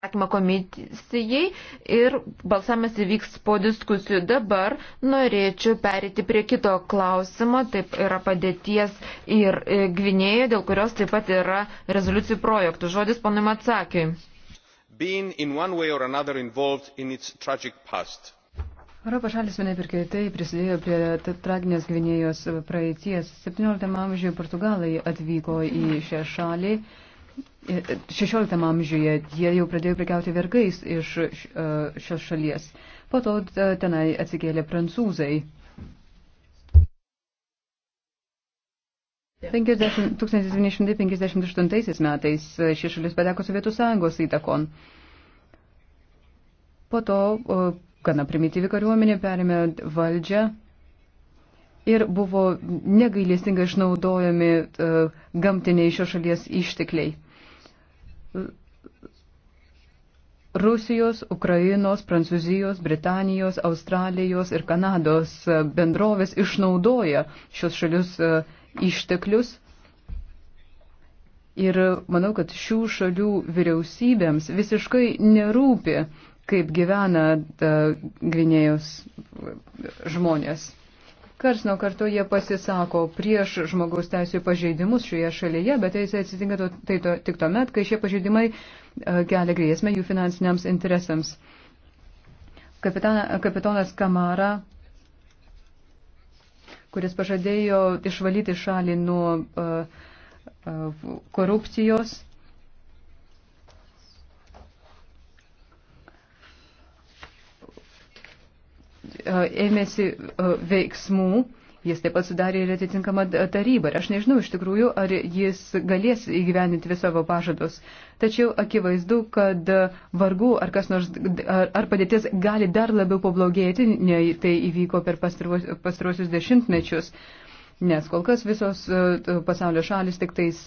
atsakymą komisijai ir balsamas įvyks po diskusijų. Dabar norėčiau perėti prie kito klausimo, taip yra padėties ir e, Gvinėje, dėl kurios taip pat yra rezoliucijų projektų. Žodis ponui Matsakiui. Europos šalis vienaip ir kitaip prisidėjo prie traginės Gvinėjos praeities. 17 amžiuje portugalai atvyko į šią šalį. XVI amžiuje jie jau pradėjo prekiauti vergais iš e, šios šalies. Po to e, tenai atsikėlė prancūzai. 50, 1958 metais e, ši šalis pateko Sovietų sąjungos įtakon. Po to gana primityvi kariuomenė perėmė valdžią ir buvo negailestingai išnaudojami uh, gamtiniai šios šalies ištekliai. Rusijos, Ukrainos, Prancūzijos, Britanijos, Australijos ir Kanados bendrovės išnaudoja šios šalius e, išteklius. Ir manau, kad šių šalių vyriausybėms visiškai nerūpi, kaip gyvena e, Gvinėjos žmonės. Kars nuo karto jie pasisako prieš žmogaus teisų pažeidimus šioje šalyje, bet tai atsitinka to, tai to, tik tuomet, kai šie pažeidimai e, kelia grėsmę jų finansiniams interesams. Kapitana, kapitonas Kamara, kuris pažadėjo išvalyti šalį nuo uh, uh, korupcijos, E, ėmėsi e, veiksmų. Jis taip pat sudarė ir atitinkamą tarybą. Aš nežinau iš tikrųjų, ar jis galės įgyveninti vis savo pažadus. Tačiau akivaizdu, kad vargu ar, nors, ar padėtis gali dar labiau pablogėti, nei tai įvyko per pastaruosius dešimtmečius. Uh, nes kol kas visos e, pasaulio šalis tik tais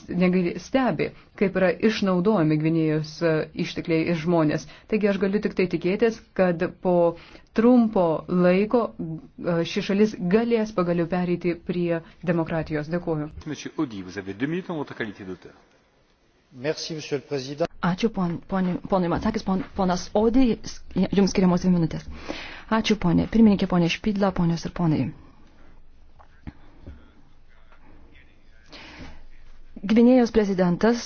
stebi, kaip yra išnaudojami Gvinėjos e, ištekliai ir žmonės. Taigi aš galiu tik tai tikėtis, kad po trumpo laiko e, ši šalis galės pagaliau pereiti prie demokratijos. Dėkuoju. Ačiū pon, pon, ponui Matsakis, pon, ponas Odė, jums skiriamos dvi minutės. Ačiū ponė, pirmininkė ponė Špidla, ponios ir ponai. Gvinėjos prezidentas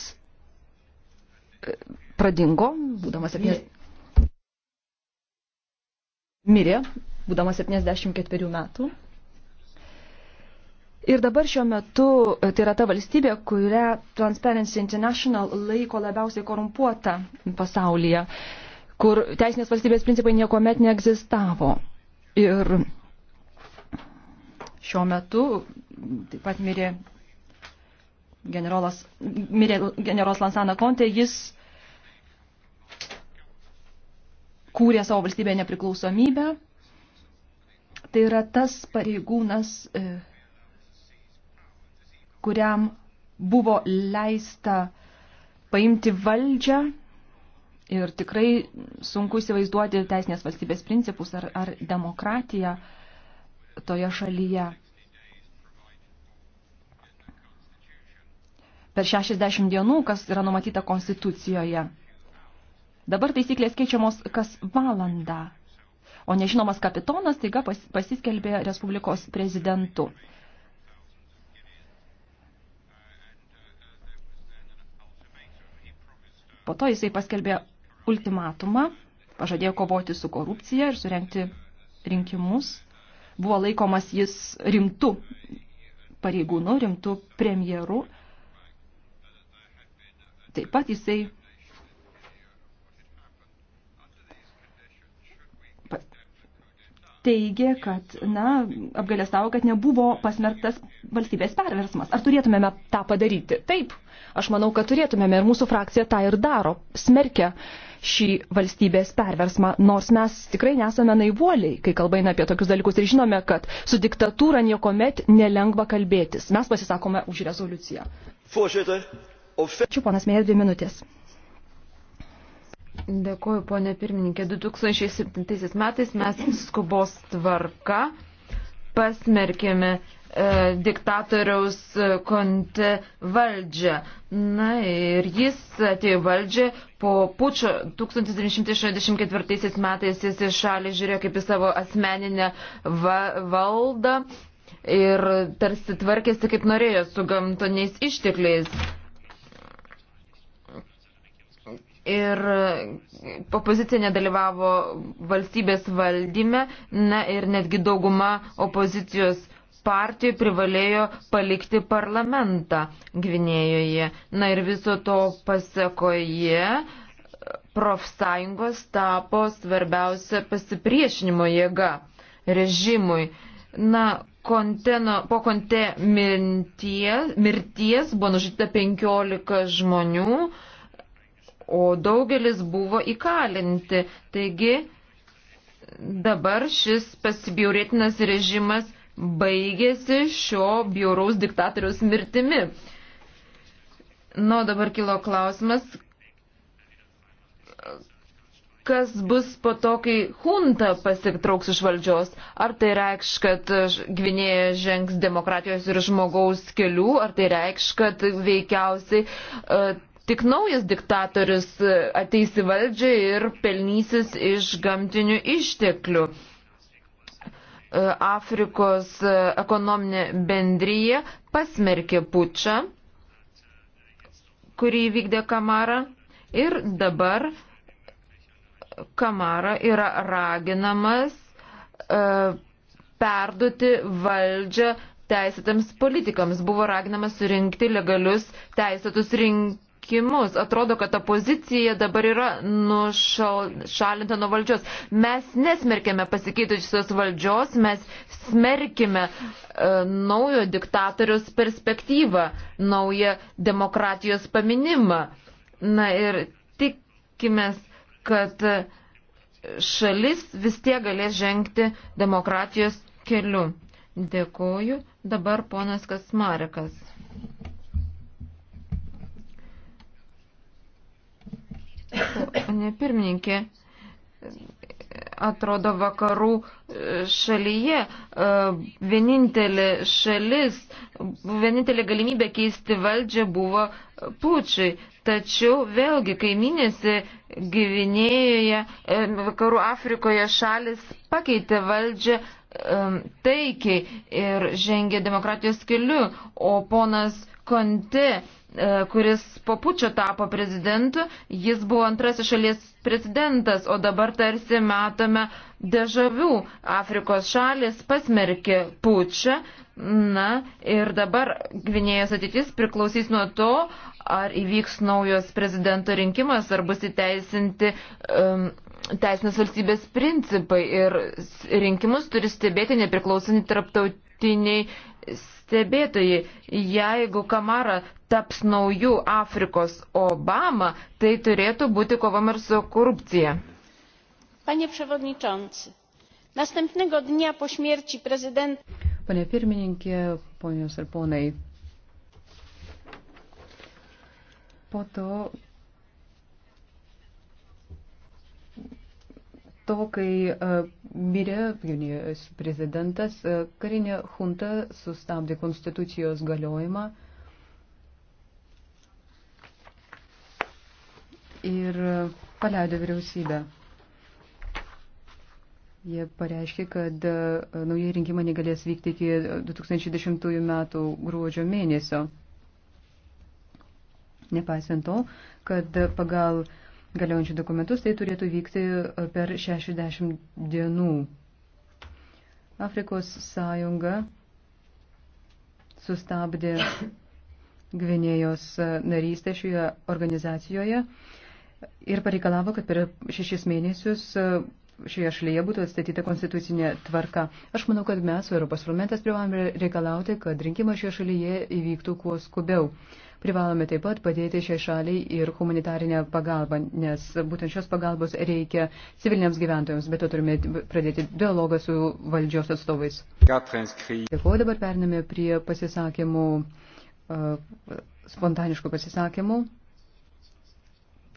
e, pradingo, būdamas 7... Mirė. Mirė, būdamas 74 metų. Ir dabar šiuo metu e, tai yra ta valstybė, kurią Transparency International laiko labiausiai korumpuota pasaulyje, kur teisinės valstybės principai niekuomet neegzistavo. Ir šiuo metu taip pat mirė generolas, mirė generolas Lansana Konte, jis kūrė savo valstybę nepriklausomybę. Tai yra tas pareigūnas, e, kuriam buvo leista paimti valdžią ir tikrai sunku įsivaizduoti teisinės valstybės principus ar, ar demokratiją toje šalyje. per 60 dienų, kas yra numatyta konstitucijoje. Dabar taisyklės keičiamos kas valandą, o nežinomas kapitonas taiga pas, pasiskelbė Respublikos prezidentu. Po to jisai paskelbė ultimatumą, pažadėjo kovoti su korupcija ir surenkti rinkimus. Buvo laikomas jis rimtu pareigūnu, rimtu premjeru Taip pat jisai teigia, kad, na, apgalėstavo, kad nebuvo pasmerktas valstybės perversmas. Ar turėtumėme tą padaryti? Taip, aš manau, kad turėtumėme ir mūsų frakcija tą ir daro, smerkia šį valstybės perversmą, nors mes tikrai nesame naivuoliai, kai kalbaina apie tokius dalykus ir žinome, kad su diktatūra niekuomet nelengva kalbėtis. Mes pasisakome už rezoliuciją. Voorzitter, Ačiū, ponas Mėjer, dvi minutės. Dėkuoju, ponė pirmininkė. 2007 metais mes skubos tvarka pasmerkėme e, diktatoriaus konte valdžią. Na ir jis atėjo valdžią po pučio 1964 metais jis į šalį žiūrėjo kaip į savo asmeninę va valdą ir tarsi tvarkėsi kaip norėjo su gamtoniais ištekliais ir opozicija nedalyvavo valstybės valdyme, na ir netgi dauguma opozicijos partijų privalėjo palikti parlamentą Gvinėjoje. Na ir viso to pasakoje profsąjungos tapo svarbiausia pasipriešinimo jėga režimui. Na, konteno, po konte minties, mirties buvo nužudyta 15 žmonių o daugelis buvo įkalinti. Taigi dabar šis pasibjaurėtinas režimas baigėsi šio bjauraus diktatoriaus mirtimi. Nu, dabar kilo klausimas, kas bus po to, kai hunta pasitrauks iš valdžios. Ar tai reikš, kad Gvinėja žengs demokratijos ir žmogaus kelių, ar tai reikš, kad veikiausiai uh, tik naujas diktatorius e, ateis į valdžią ir pelnysis iš gamtinių išteklių. E, Afrikos e, ekonominė bendryje pasmerkė pučą, kurį vykdė Kamara ir dabar Kamara yra raginamas perduoti valdžią teisėtams politikams. Buvo raginamas surinkti legalius teisėtus rinkti rinkimus. Atrodo, kad opozicija dabar yra nušalinta nuo valdžios. Mes nesmerkėme pasikeitusios valdžios, mes smerkime e, naujo diktatorius perspektyvą, naują demokratijos paminimą. Na ir tikimės, kad šalis vis tiek galės žengti demokratijos keliu. Dėkoju. Dabar ponas Kasmarekas. Ne pirmininkė, atrodo vakarų e, šalyje e, vienintelė šalis, vienintelė galimybė keisti valdžią buvo pučiai. Tačiau vėlgi kaiminėse gyvinėjoje, e, vakarų Afrikoje šalis pakeitė valdžią taikiai ir žengė demokratijos keliu, o ponas Konte, e, kuris po pučio tapo prezidentu, jis buvo antrasis šalies prezidentas, o dabar tarsi matome dežavių. Afrikos šalis pasmerkė pučią, na ir dabar Gvinėjos ateitis priklausys nuo to, ar įvyks naujos prezidento rinkimas, ar bus įteisinti. Um, Teisinės valstybės principai ir rinkimus turi stebėti nepriklausomi tarptautiniai uh, stebėtojai, jeigu Kamara taps naujų Afrikos Obama, tai turėtų būti kovama ir su korupcija. Panie Przewodniczący, następnego dnia po śmierci prezydenta. Panie pirmininkė, ponios ir ponai, po to, to, kai e, mirė Junijos prezidentas, e, karinė junta sustabdė konstitucijos galiojimą. Ir e, paleido vyriausybę. Jie pareiškė, kad nauji rinkimai negalės vykti iki 2010 metų gruodžio mėnesio. Nepaisant to, kad pagal uh, galiojančių dokumentus, tai turėtų vykti per 60 dienų. Afrikos sąjunga sustabdė Gvinėjos narystę šioje organizacijoje ir pareikalavo, kad per šešis mėnesius šioje šalyje būtų atstatyta konstitucinė tvarka. Aš manau, kad mes, Europos parlamentas, privalome reikalauti, kad rinkimai šioje šalyje įvyktų kuo skubiau. Privalome taip pat padėti šiai šaliai ir humanitarinę pagalbą, nes būtent šios pagalbos reikia civiliniams gyventojams, bet to turime pradėti dialogą su valdžios atstovais. Dėkuoju, dabar periname prie pasisakymų, uh, spontaniškų pasisakymų.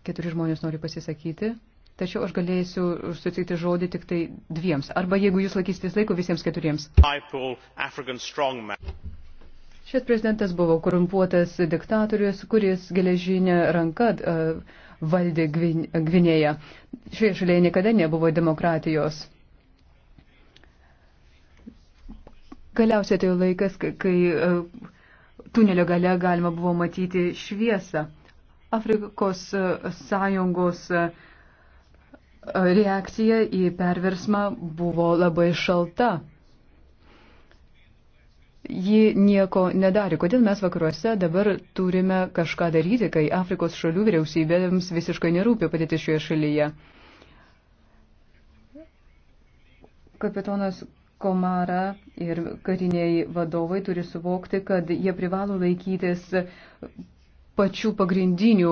Keturi žmonės nori pasisakyti. Tačiau aš galėsiu sutikti žodį tik tai dviems. Arba jeigu jūs laikysitės laiko visiems keturiems. Šis prezidentas buvo korumpuotas diktatorius, kuris geležinė ranka uh, valdė Gvin, Gvinėje. Šioje šalyje niekada nebuvo demokratijos. Galiausiai tai laikas, kai uh, tunelio gale galima buvo matyti šviesą. Afrikos uh, sąjungos uh, reakcija į perversmą buvo labai šalta. Ji nieko nedarė. Kodėl mes vakaruose dabar turime kažką daryti, kai Afrikos šalių vyriausybėms visiškai nerūpia padėti šioje šalyje? Kapitonas Komara ir kariniai vadovai turi suvokti, kad jie privalo laikytis pačių pagrindinių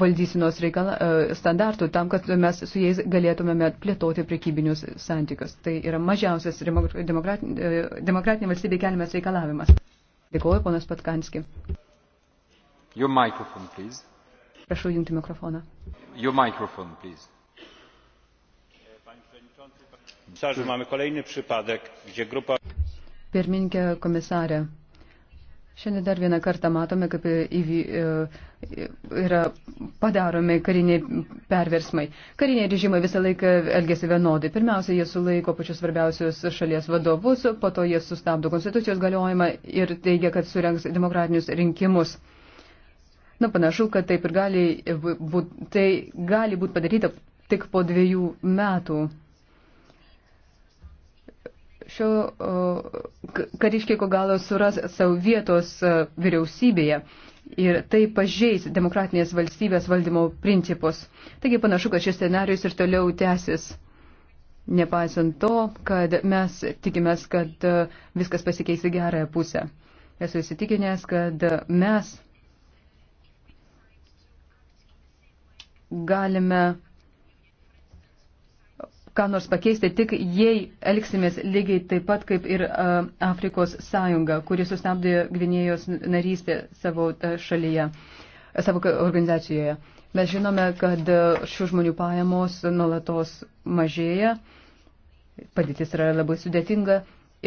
valdysinos reikala, e, standartų tam, kad mes su jais galėtumėme plėtoti prekybinius santykius. Tai yra mažiausias e, demokratinė valstybė keliamas reikalavimas. Dėkuoju, ponas Patkanski. Your microphone, please. Prašau jungti mikrofoną. Your microphone, please. Pirmininkė komisarė, Šiandien dar vieną kartą matome, kaip e, e, yra padaromi kariniai perversmai. Kariniai režimai visą laiką elgesi vienodai. Pirmiausia, jie sulaiko pačius svarbiausius šalies vadovus, po to jie sustabdo konstitucijos galiojimą ir teigia, kad surengs demokratinius rinkimus. Na, panašu, kad taip ir gali būti tai gali būt padaryta tik po dviejų metų šio kariškiko galo suras savo vietos vyriausybėje ir tai pažeis demokratinės valstybės valdymo principus. Taigi panašu, kad šis scenarius ir toliau tęsis. Nepaisant to, kad mes tikimės, kad viskas pasikeis į gerąją pusę. Esu įsitikinęs, kad mes galime ką nors pakeisti, tik jei elgsimės lygiai taip pat kaip ir uh, Afrikos sąjunga, kuri sustabdė Gvinėjos narystę savo uh, šalyje, savo organizacijoje. Mes žinome, kad šių žmonių pajamos nuolatos mažėja, padėtis yra labai sudėtinga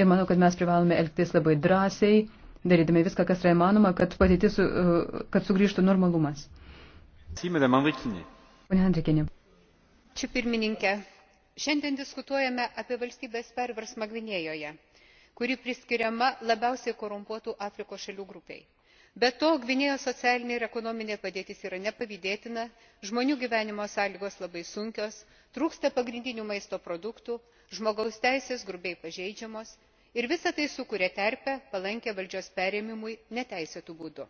ir manau, kad mes privalome elgtis labai drąsiai, darydami viską, kas yra įmanoma, kad padėtis, uh, kad sugrįžtų normalumas. Pane Andrikinė. Čia pirmininkė šiandien diskutuojame apie valstybės perversmą gvinėjoje kuri priskiriama labiausiai korumpuotų afrikos šalių grupei. be to gvinėjos socialinė ir ekonominė padėtis yra nepavydėtina žmonių gyvenimo sąlygos labai sunkios trūksta pagrindinių maisto produktų žmogaus teisės grubiai pažeidžiamos ir visa tai sukuria terpę palankią valdžios perėmimui neteisėtu būdu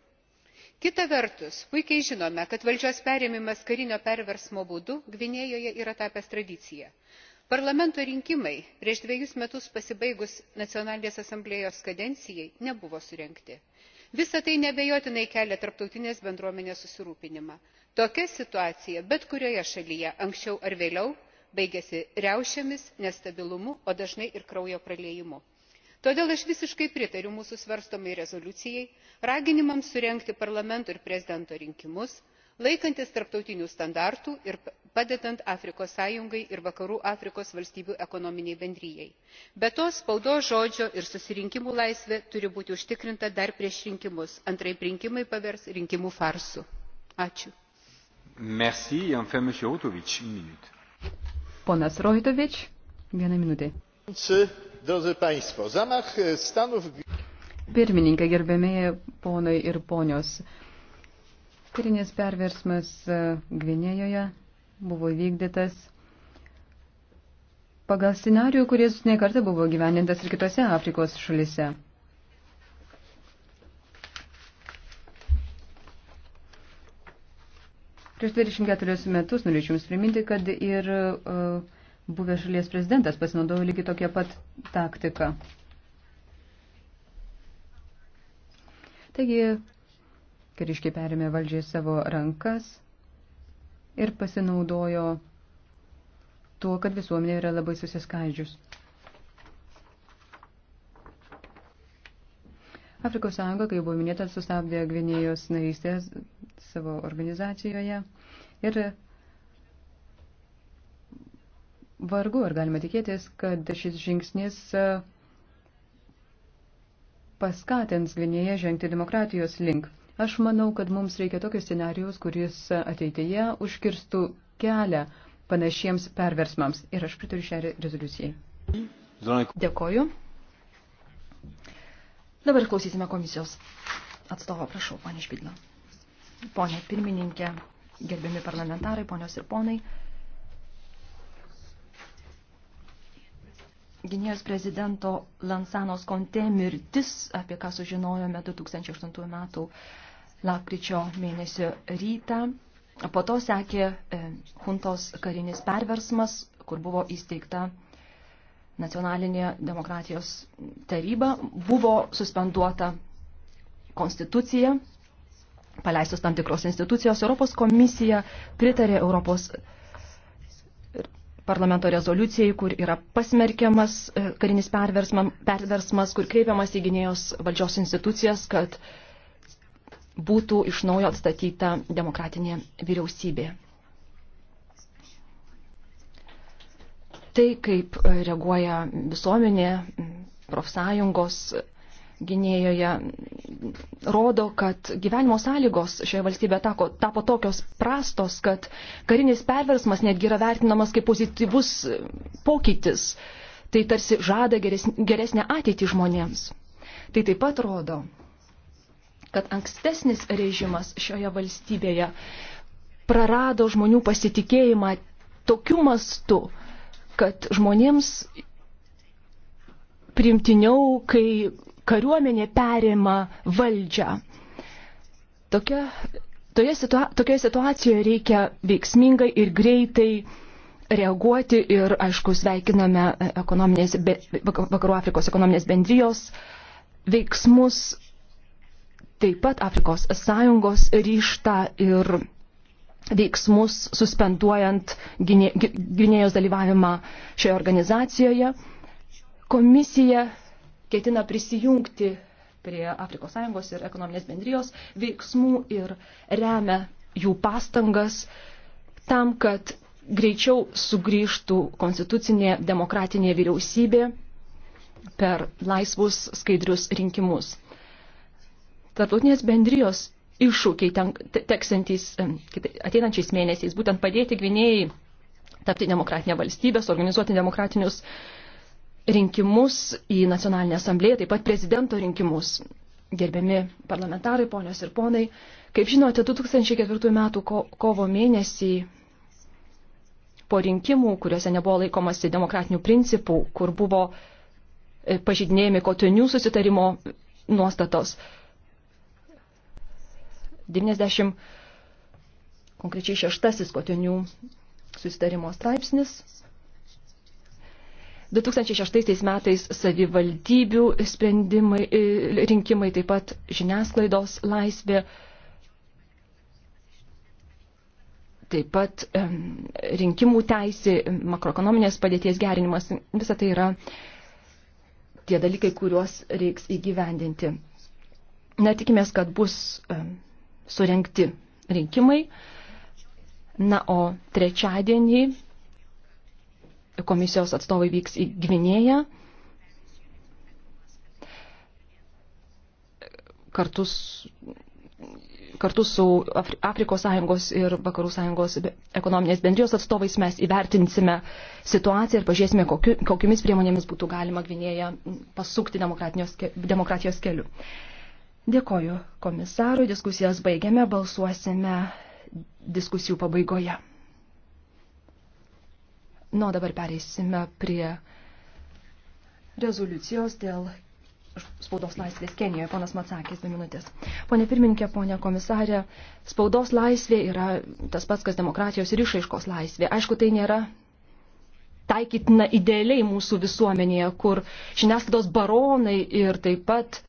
kita vertus puikiai žinome kad valdžios perėmimas karinio perversmo būdu gvinėjoje yra tapęs tradicija. parlamento rinkimai prieš dvejus metus pasibaigus nacionalinės asamblėjos kadencijai nebuvo surengti. visa tai neabejotinai kelia tarptautinės bendruomenės susirūpinimą. tokia situacija bet kurioje šalyje anksčiau ar vėliau baigiasi riaušėmis nestabilumu o dažnai ir kraujo praliejimu todėl aš visiškai pritariu mūsų svarstomai rezoliucijai raginimams surengti parlamento ir prezidento rinkimus laikantis tarptautinių standartų ir padedant afrikos sąjungai ir vakarų afrikos valstybių ekonominei bendrijai. be to spaudos žodžio ir susirinkimų laisvė turi būti užtikrinta dar prieš rinkimus antraip rinkimai pavirs rinkimų farsu. ačiū. Merci, enfin, Ponas Rohitovič, vieną minutę. E, Pirmininkai, gerbėmėjai ponai ir ponios. Karinės perversmas e, Gvinėjoje buvo vykdytas pagal scenarijų, kuris nekarta buvo gyvenintas ir kitose Afrikos šalise. Prieš 24 metus norėčiau Jums priminti, kad ir uh, buvęs šalies prezidentas pasinaudojo lygiai tokią pat taktiką. Taigi, kariškiai perėmė valdžiai savo rankas ir pasinaudojo tuo, kad visuomenė yra labai susiskaidžius. Afrikos sąjunga, kai buvo minėta, sustabdė Gvinėjos narystės savo organizacijoje ir vargu ar galima tikėtis, kad šis žingsnis e, paskatins Gvinėje žengti demokratijos link. Aš manau, kad mums reikia tokios scenarijus, kuris ateityje užkirstų kelią panašiems perversmams. Ir aš pritariu šią rezoliuciją. Dėkoju. Dabar klausysime komisijos atstovo, prašau, ponė Špidla. Pone pirmininkė, gerbiami parlamentarai, ponios ir ponai. Gynėjos prezidento Lansanos Konte mirtis, apie ką sužinojome 2008 metų lapkričio mėnesio rytą. Po to sekė e, huntos karinis perversmas, kur buvo įsteigta nacionalinė demokratijos taryba, buvo suspenduota konstitucija, paleistos tam tikros institucijos, Europos komisija pritarė Europos parlamento rezoliucijai, kur yra pasmerkiamas e, karinis perversmas, kur kreipiamas į gynėjos valdžios institucijas, kad būtų iš naujo atstatyta demokratinė vyriausybė. Tai, kaip e, reaguoja visuomenė, profsąjungos, Gynėjoje rodo, kad gyvenimo sąlygos šioje valstybėje tapo, tapo tokios prastos, kad karinis perversmas netgi yra vertinamas kaip pozityvus pokytis. Tai tarsi žada geresnę ateitį žmonėms. Tai taip pat rodo, kad ankstesnis režimas šioje valstybėje prarado žmonių pasitikėjimą tokiu mastu, kad žmonėms primtiniau, kai kariuomenė perima valdžią. Tokia, toje situa tokioje situacijoje reikia veiksmingai ir greitai reaguoti ir, aišku, sveikiname e, Vakarų Afrikos ekonominės bendrijos veiksmus, taip pat Afrikos sąjungos ryštą ir veiksmus suspenduojant gynėjos dalyvavimą šioje organizacijoje. Komisija ketina prisijungti prie Afrikos Sąjungos ir ekonominės bendrijos veiksmų ir remia jų pastangas tam, kad greičiau sugrįžtų konstitucinė demokratinė vyriausybė per laisvus skaidrius rinkimus. Tarptautinės bendrijos iššūkiai teksantys ateinančiais mėnesiais būtent padėti Gvinėjai tapti demokratinę valstybę, suorganizuoti demokratinius uh, rinkimus į Nacionalinę asamblėją, taip pat prezidento rinkimus. Gerbiami parlamentarai, ponios ir ponai, kaip žinote, 2004 m. Ko, kovo mėnesį po rinkimų, kuriuose nebuvo laikomasi demokratinių principų, kur buvo e, pažydinėjami kotinių susitarimo nuostatos. 90 konkrečiai šeštasis kotinių susitarimo straipsnis 2006 metais savivaldybių sprendimai, e, rinkimai, taip pat žiniasklaidos laisvė, taip pat rinkimų teisė, makroekonominės padėties gerinimas, visa tai yra tie dalykai, kuriuos reiks įgyvendinti. Netikimės, kad bus surenkti rinkimai. Na, o trečiadienį komisijos atstovai vyks į Gvinėją kartu, kartu su Afrikos sąjungos ir Vakarų sąjungos ekonominės bendrijos atstovais mes įvertinsime situaciją ir pažiūrėsime, kokiu, kokiomis priemonėmis būtų galima Gvinėje pasukti demokratijos keliu. Dėkoju komisarui, diskusijas baigiame, balsuosime diskusijų pabaigoje. Nu, dabar pereisime prie rezoliucijos dėl spaudos laisvės Kenijoje. Ponas Matsakis, dvi minutės. Pone pirmininkė, ponė komisarė, spaudos laisvė yra tas pats, kas demokratijos ir išaiškos laisvė. Aišku, tai nėra taikytina idealiai mūsų visuomenėje, kur žiniasklaidos baronai ir taip pat